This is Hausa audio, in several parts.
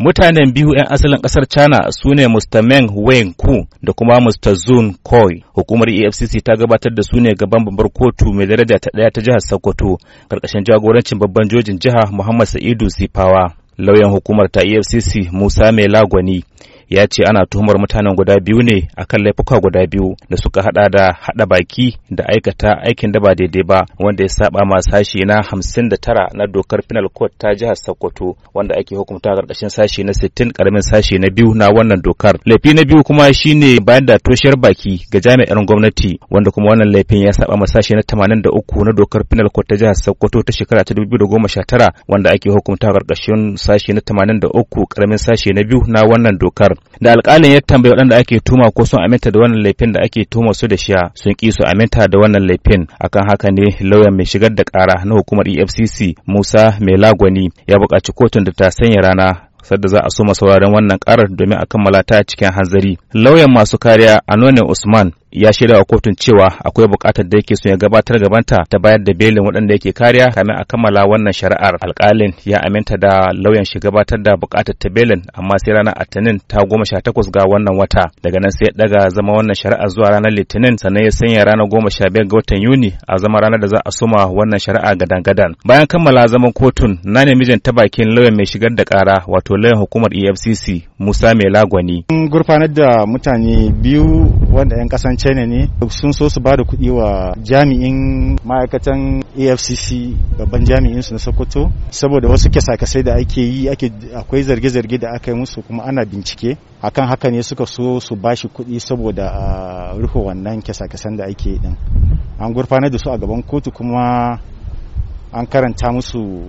Mutanen biyu 'yan asalin ƙasar China su ne Mr. Meng Wenku da kuma Mr. Zun Koi. Hukumar EFCC ta gabatar da su ne gaban babbar kotu mai daraja ta ɗaya ta jihar Sokoto, ƙarƙashin jagorancin babban jojin jiha Muhammad Sa'idu Sifawa. Lauyan hukumar ta EFCC Musa Mai Lagwani ya ce ana tuhumar mutanen guda biyu ne a kan laifuka guda biyu da suka hada da hada baki da aikata aikin da ba daidai ba wanda ya saba ma sashi na hamsin da tara na dokar penal court ta jihar Sokoto wanda ake hukunta karkashin sashi na sittin karamin sashi na biyu na wannan dokar laifi na biyu kuma shine bayan da toshiyar baki ga jami'an gwamnati wanda kuma wannan laifin ya saba ma sashi na 83 na dokar penal court ta jihar Sokoto ta shekara ta 2019 wanda ake hukunta karkashin sashi na 83 karamin sashe na biyu na wannan dokar da alƙalin ya tambayi waɗanda ake tuma ko sun aminta da wannan laifin da ake tuma su da shi sun ki su aminta da wannan laifin akan haka ne lauyan mai shigar da ƙara na hukumar efcc musa melagwani ya buƙaci kotun da ta sanya rana sadda za a so sauraron wannan karar domin a kammala ta cikin hanzari lauyan masu kariya anonin usman ya shirya wa kotun cewa akwai bukatar da yake so ya gabatar gabanta ta bayar da belin waɗanda yake kariya kamin a kammala wannan shari'ar alƙalin ya aminta da lauyan shi gabatar da bukatar ta belin amma sai ranar atanin ta goma sha takwas ga wannan wata daga nan sai ya daga zama wannan shari'a zuwa ranar litinin sannan ya sanya ranar goma sha biyar ga watan yuni a zama ranar da za a suma wannan shari'a gadan-gadan bayan kammala zaman kotun na ne mijin ta bakin lauyan mai shigar da kara wato lauyan hukumar efcc musa mai lagwani gurfanar da mutane biyu wanda 'yan kasan china ne sun so su ba da kuɗi wa jami'in ma'aikatan afcc babban jami'in su na sokoto saboda wasu kyasa da ake yi akwai zarge-zarge da aka yi musu kuma ana bincike akan haka ne suka so su ba shi kuɗi saboda a rufe wannan kyasa da ake yi din an gurfanar da su a gaban kotu kuma an karanta musu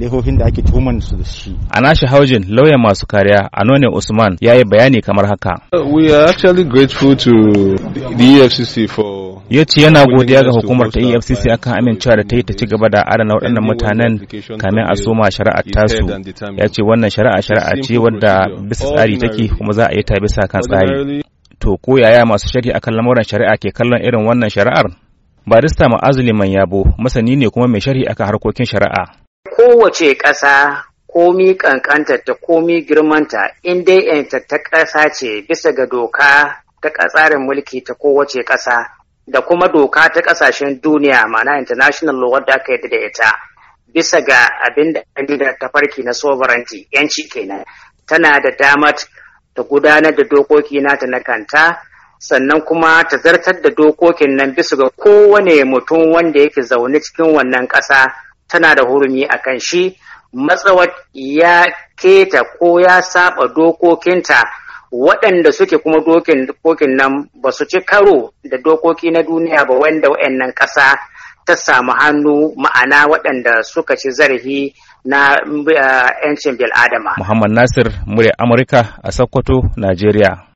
laihohin da ake tuhuman su da shi. A nashi haujin lauyan masu kariya Anone Usman ya yi bayani kamar haka. We are actually e ya ce yana godiya ga hukumar ta efcc akan amincewa da ta yi ta ci gaba da adana waɗannan mutanen kamin a soma shari'ar tasu ya ce wannan shari'a shari'a ce wadda bisa tsari take kuma za a yi ta bisa kan tsari to ko yaya masu shari'a kan lamuran shari'a ke kallon irin wannan shari'ar barista ma'azuli man yabo masani ne kuma mai shari'a akan harkokin shari'a kowace ƙasa komi ƙanƙanta ta komi girmanta in dai yanta ta ƙasa ce bisa ga doka ta tsarin mulki ta kowace ƙasa da kuma doka ta ƙasashen duniya mana international law wadda aka yadda da ita bisa ga abin da da tafarki na sovereignty yanci kenan tana da damar ta gudanar da dokoki nata na kanta sannan kuma ta zartar da dokokin nan bisa ga kowane mutum wanda yake zaune cikin wannan ƙasa tana da hurumi a kan shi matsawar ya keta ko ya saba dokokinta waɗanda suke kuma dokokin nan ba su ci karo da dokoki na duniya ba wanda nan ƙasa ta samu hannu ma'ana waɗanda suka ci zarafi na eh, 'yancin bil'adama. Muhammad Nasir, murya Amurka a Sokoto, Najeriya.